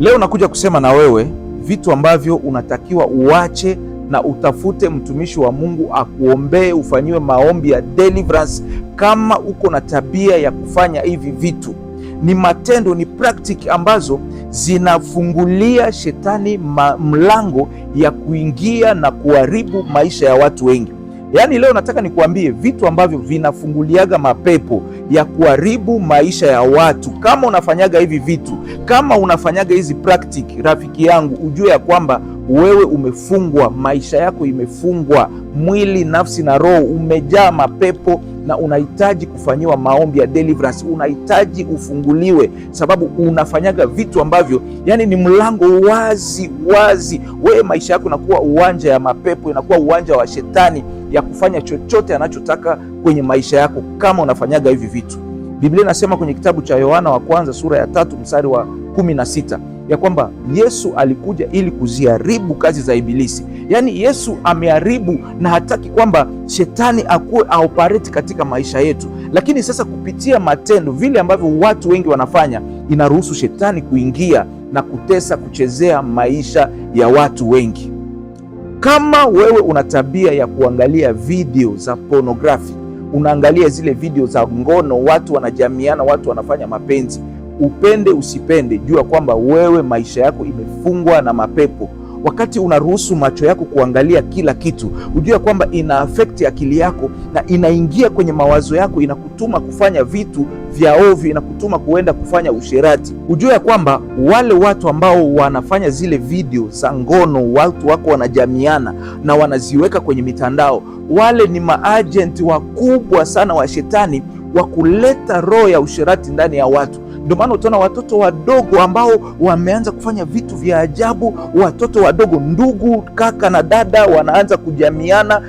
Leo nakuja kusema na wewe vitu ambavyo unatakiwa uache na utafute mtumishi wa Mungu akuombee, ufanyiwe maombi ya deliverance. Kama uko na tabia ya kufanya hivi vitu, ni matendo, ni praktiki ambazo zinafungulia shetani mlango ya kuingia na kuharibu maisha ya watu wengi. Yaani leo nataka nikuambie vitu ambavyo vinafunguliaga mapepo ya kuharibu maisha ya watu. Kama unafanyaga hivi vitu, kama unafanyaga hizi praktik, rafiki yangu, ujue ya kwamba wewe umefungwa, maisha yako imefungwa, mwili, nafsi na roho umejaa mapepo na unahitaji kufanyiwa maombi ya deliverance, unahitaji ufunguliwe, sababu unafanyaga vitu ambavyo yani ni mlango wazi wazi. Wewe maisha yako inakuwa uwanja ya mapepo, inakuwa uwanja wa shetani ya kufanya chochote anachotaka kwenye maisha yako kama unafanyaga hivi vitu. Biblia inasema kwenye kitabu cha Yohana wa kwanza sura ya tatu mstari wa kumi na sita ya kwamba Yesu alikuja ili kuziharibu kazi za Ibilisi. Yaani Yesu ameharibu na hataki kwamba shetani akuwe aopareti katika maisha yetu, lakini sasa kupitia matendo, vile ambavyo watu wengi wanafanya, inaruhusu shetani kuingia na kutesa, kuchezea maisha ya watu wengi. Kama wewe una tabia ya kuangalia video za pornography, unaangalia zile video za ngono, watu wanajamiana, watu wanafanya mapenzi, upende usipende, jua kwamba wewe maisha yako imefungwa na mapepo wakati unaruhusu macho yako kuangalia kila kitu, hujua kwamba ina afekti akili yako na inaingia kwenye mawazo yako, inakutuma kufanya vitu vya ovyo, inakutuma kuenda kufanya usherati. Hujua ya kwamba wale watu ambao wanafanya zile video za ngono, watu wako wanajamiana na wanaziweka kwenye mitandao, wale ni maajenti wakubwa sana wa shetani wa kuleta roho ya usherati ndani ya watu. Ndio maana utaona watoto wadogo ambao wameanza kufanya vitu vya ajabu, watoto wadogo, ndugu kaka na dada wanaanza kujamiana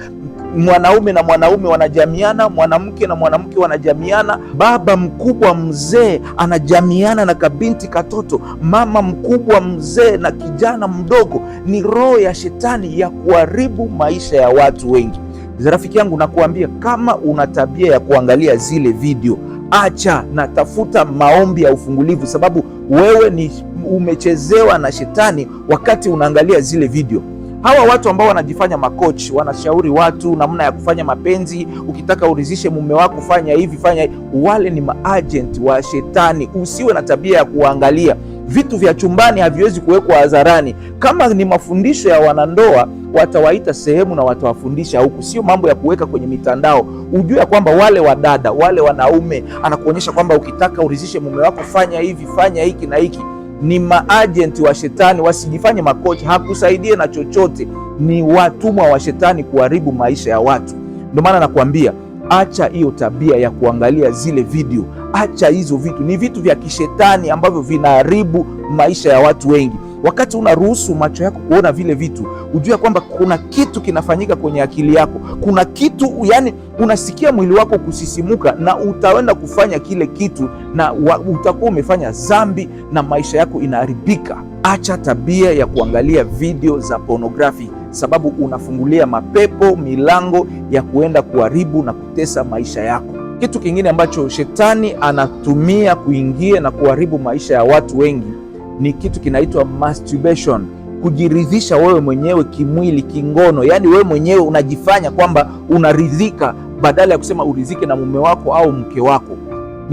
mwanaume na mwanaume wanajamiana, mwanamke na mwanamke wanajamiana, baba mkubwa mzee anajamiana na kabinti katoto, mama mkubwa mzee na kijana mdogo. Ni roho ya shetani ya kuharibu maisha ya watu wengi. Rafiki yangu, nakuambia kama una tabia ya kuangalia zile video acha na tafuta maombi ya ufungulivu, sababu wewe ni umechezewa na shetani wakati unaangalia zile video. Hawa watu ambao wanajifanya makochi wanashauri watu namna ya kufanya mapenzi, ukitaka urizishe mume wako fanya hivi, fanya hivi. Wale ni maagent wa shetani. Usiwe na tabia ya kuangalia vitu vya chumbani, haviwezi kuwekwa hadharani. Kama ni mafundisho ya wanandoa watawaita sehemu na watawafundisha huku, sio mambo ya kuweka kwenye mitandao. Ujue ya kwamba wale wadada wale wanaume, anakuonyesha kwamba ukitaka urizishe mume wako fanya hivi, fanya hiki na hiki. Ni maajenti wa shetani, wasijifanye makocha, hakusaidie na chochote. Ni watumwa wa shetani kuharibu maisha ya watu. Ndio maana nakwambia acha hiyo tabia ya kuangalia zile video, acha hizo vitu. Ni vitu vya kishetani ambavyo vinaharibu maisha ya watu wengi. Wakati unaruhusu macho yako kuona vile vitu, ujue kwamba kuna kitu kinafanyika kwenye akili yako, kuna kitu yani, unasikia mwili wako kusisimuka, na utaenda kufanya kile kitu na utakuwa umefanya dhambi na maisha yako inaharibika. Acha tabia ya kuangalia video za pornografi, sababu unafungulia mapepo milango ya kuenda kuharibu na kutesa maisha yako. Kitu kingine ambacho shetani anatumia kuingia na kuharibu maisha ya watu wengi ni kitu kinaitwa masturbation, kujiridhisha wewe mwenyewe kimwili, kingono, yaani wewe mwenyewe unajifanya kwamba unaridhika badala ya kusema uridhike na mume wako au mke wako.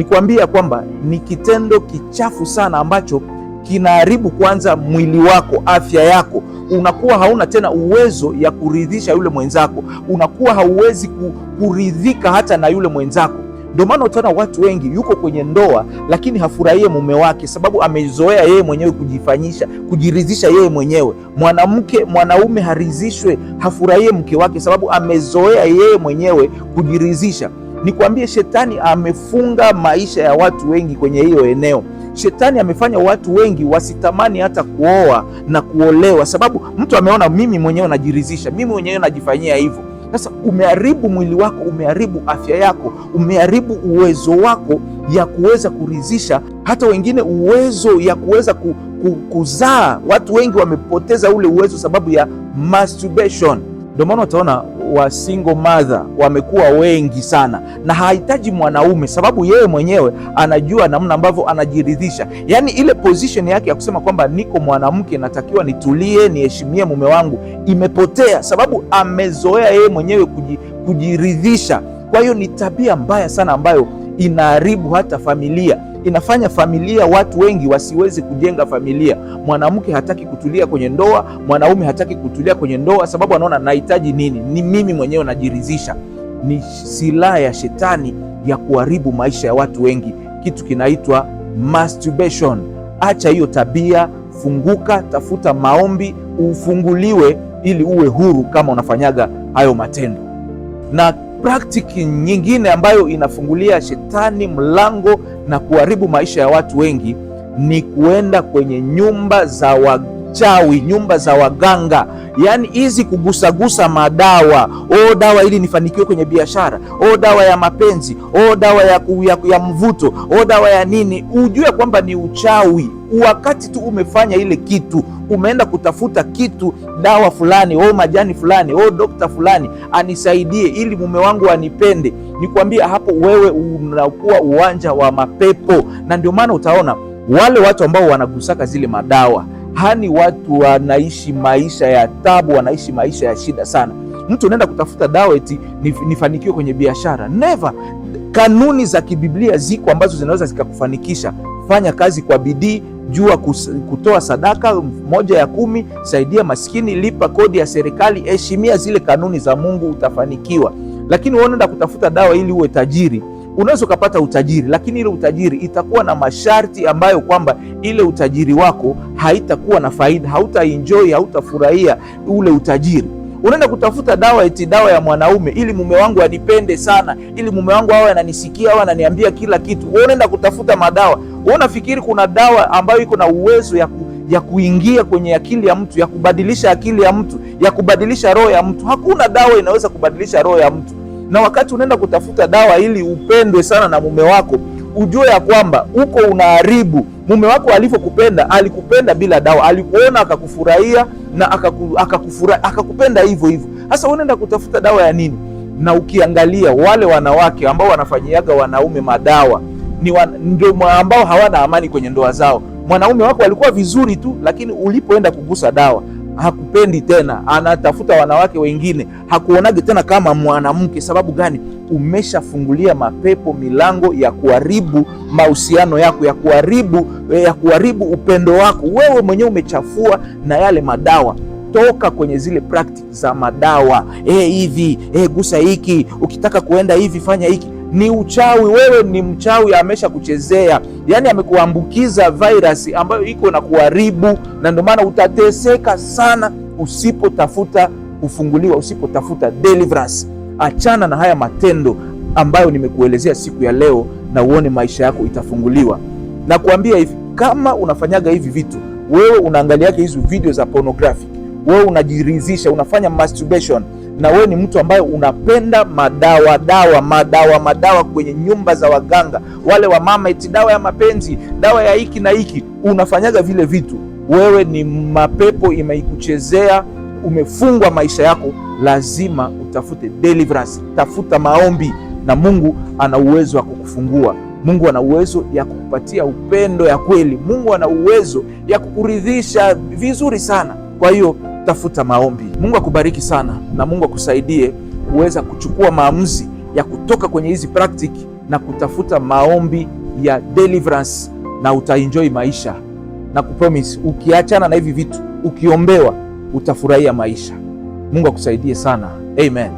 kuambia kwamba ni kitendo kichafu sana ambacho kinaharibu kwanza mwili wako, afya yako. Unakuwa hauna tena uwezo ya kuridhisha yule mwenzako, unakuwa hauwezi kuridhika hata na yule mwenzako. Ndio maana utaona watu wengi yuko kwenye ndoa lakini hafurahie mume wake, sababu amezoea yeye mwenyewe kujifanyisha, kujiridhisha yeye mwenyewe. Mwanamke, mwanaume harizishwe hafurahie mke wake, sababu amezoea yeye mwenyewe kujiridhisha. Nikwambie, shetani amefunga maisha ya watu wengi kwenye hiyo eneo. Shetani amefanya watu wengi wasitamani hata kuoa na kuolewa, sababu mtu ameona, mimi mwenyewe najiridhisha, mimi mwenyewe najifanyia hivyo sasa umeharibu mwili wako, umeharibu afya yako, umeharibu uwezo wako ya kuweza kuridhisha hata wengine, uwezo ya kuweza ku, ku, kuzaa. Watu wengi wamepoteza ule uwezo sababu ya masturbation. Ndio maana utaona wa single mother wamekuwa wengi sana, na hahitaji mwanaume, sababu yeye mwenyewe anajua namna ambavyo anajiridhisha. Yani ile position yake ya kusema kwamba niko mwanamke, natakiwa nitulie, niheshimie mume wangu, imepotea, sababu amezoea yeye mwenyewe kujiridhisha. Kwa hiyo ni tabia mbaya sana ambayo inaharibu hata familia inafanya familia, watu wengi wasiwezi kujenga familia. Mwanamke hataki kutulia kwenye ndoa, mwanaume hataki kutulia kwenye ndoa sababu anaona nahitaji nini? Ni mimi mwenyewe najiridhisha. Ni silaha ya shetani ya kuharibu maisha ya watu wengi, kitu kinaitwa masturbation. Acha hiyo tabia, funguka, tafuta maombi, ufunguliwe ili uwe huru, kama unafanyaga hayo matendo na praktiki nyingine ambayo inafungulia shetani mlango na kuharibu maisha ya watu wengi ni kuenda kwenye nyumba za wachawi, nyumba za waganga, yaani hizi kugusagusa madawa. O, oh, dawa ili nifanikiwe kwenye biashara, o, oh, dawa ya mapenzi, o, oh, dawa ya, ya, ya mvuto, o, dawa ya nini. Ujue kwamba ni uchawi wakati tu umefanya ile kitu, umeenda kutafuta kitu, dawa fulani, o oh, majani fulani, o oh, dokta fulani anisaidie ili mume wangu anipende, nikwambie, hapo wewe unakuwa uwanja wa mapepo. Na ndio maana utaona wale watu ambao wanagusaka zile madawa hani, watu wanaishi maisha ya tabu, wanaishi maisha ya shida sana. Mtu unaenda kutafuta dawa eti nifanikiwe kwenye biashara, never. Kanuni za kibiblia ziko ambazo zinaweza zikakufanikisha. Fanya kazi kwa bidii, jua kutoa sadaka moja ya kumi, saidia maskini, lipa kodi ya serikali, heshimia zile kanuni za Mungu, utafanikiwa. Lakini unaenda kutafuta dawa ili uwe tajiri, unaweza ukapata utajiri, lakini ile utajiri itakuwa na masharti ambayo kwamba ile utajiri wako haitakuwa na faida, hautaenjoy, hautafurahia ule utajiri unaenda kutafuta dawa eti dawa ya mwanaume ili mume wangu anipende sana, ili mume wangu awe ananisikia awe ananiambia kila kitu. Wewe unaenda kutafuta madawa. Wewe unafikiri kuna dawa ambayo iko na uwezo ya, ku, ya kuingia kwenye akili ya mtu, ya kubadilisha akili ya mtu, ya kubadilisha roho ya mtu? Hakuna dawa inaweza kubadilisha roho ya mtu. Na wakati unaenda kutafuta dawa ili upendwe sana na mume wako, ujue ya kwamba uko unaharibu mume wako alivyokupenda, alikupenda bila dawa, alikuona akakufurahia na akaku, akakufura, akakupenda hivyo hivyo. Sasa unaenda kutafuta dawa ya nini? Na ukiangalia wale wanawake ambao wanafanyiaga wanaume madawa ni wa, ndio ambao hawana amani kwenye ndoa zao. Mwanaume wako alikuwa vizuri tu, lakini ulipoenda kugusa dawa hakupendi tena, anatafuta wanawake wengine, hakuonagi tena kama mwanamke. Sababu gani? Umeshafungulia mapepo milango ya kuharibu mahusiano yako, ya kuharibu eh, ya kuharibu upendo wako. Wewe mwenyewe umechafua na yale madawa. Toka kwenye zile practice za madawa, eh, hivi e, gusa hiki, ukitaka kuenda hivi fanya hiki ni uchawi. Wewe ni mchawi, amesha kuchezea yani, amekuambukiza vairasi ambayo iko na kuharibu, na ndio maana utateseka sana usipotafuta kufunguliwa, usipotafuta deliverance. Achana na haya matendo ambayo nimekuelezea siku ya leo, na uone maisha yako itafunguliwa. Na kuambia hivi, kama unafanyaga hivi vitu, wewe unaangaliaga hizo video za pornographic, wewe unajiridhisha, unafanya masturbation na wewe ni mtu ambaye unapenda madawa dawa madawa madawa kwenye nyumba za waganga wale wa mama, eti dawa ya mapenzi, dawa ya hiki na hiki, unafanyaga vile vitu, wewe ni mapepo imeikuchezea, umefungwa maisha yako, lazima utafute deliverance, tafuta maombi na Mungu ana uwezo wa kukufungua. Mungu ana uwezo ya kukupatia upendo ya kweli. Mungu ana uwezo ya kukuridhisha vizuri sana. Kwa hiyo tafuta maombi. Mungu akubariki sana na Mungu akusaidie kuweza kuchukua maamuzi ya kutoka kwenye hizi praktiki na kutafuta maombi ya deliverance, na utaenjoy maisha na kupromise, ukiachana na hivi vitu, ukiombewa utafurahia maisha. Mungu akusaidie sana, amen.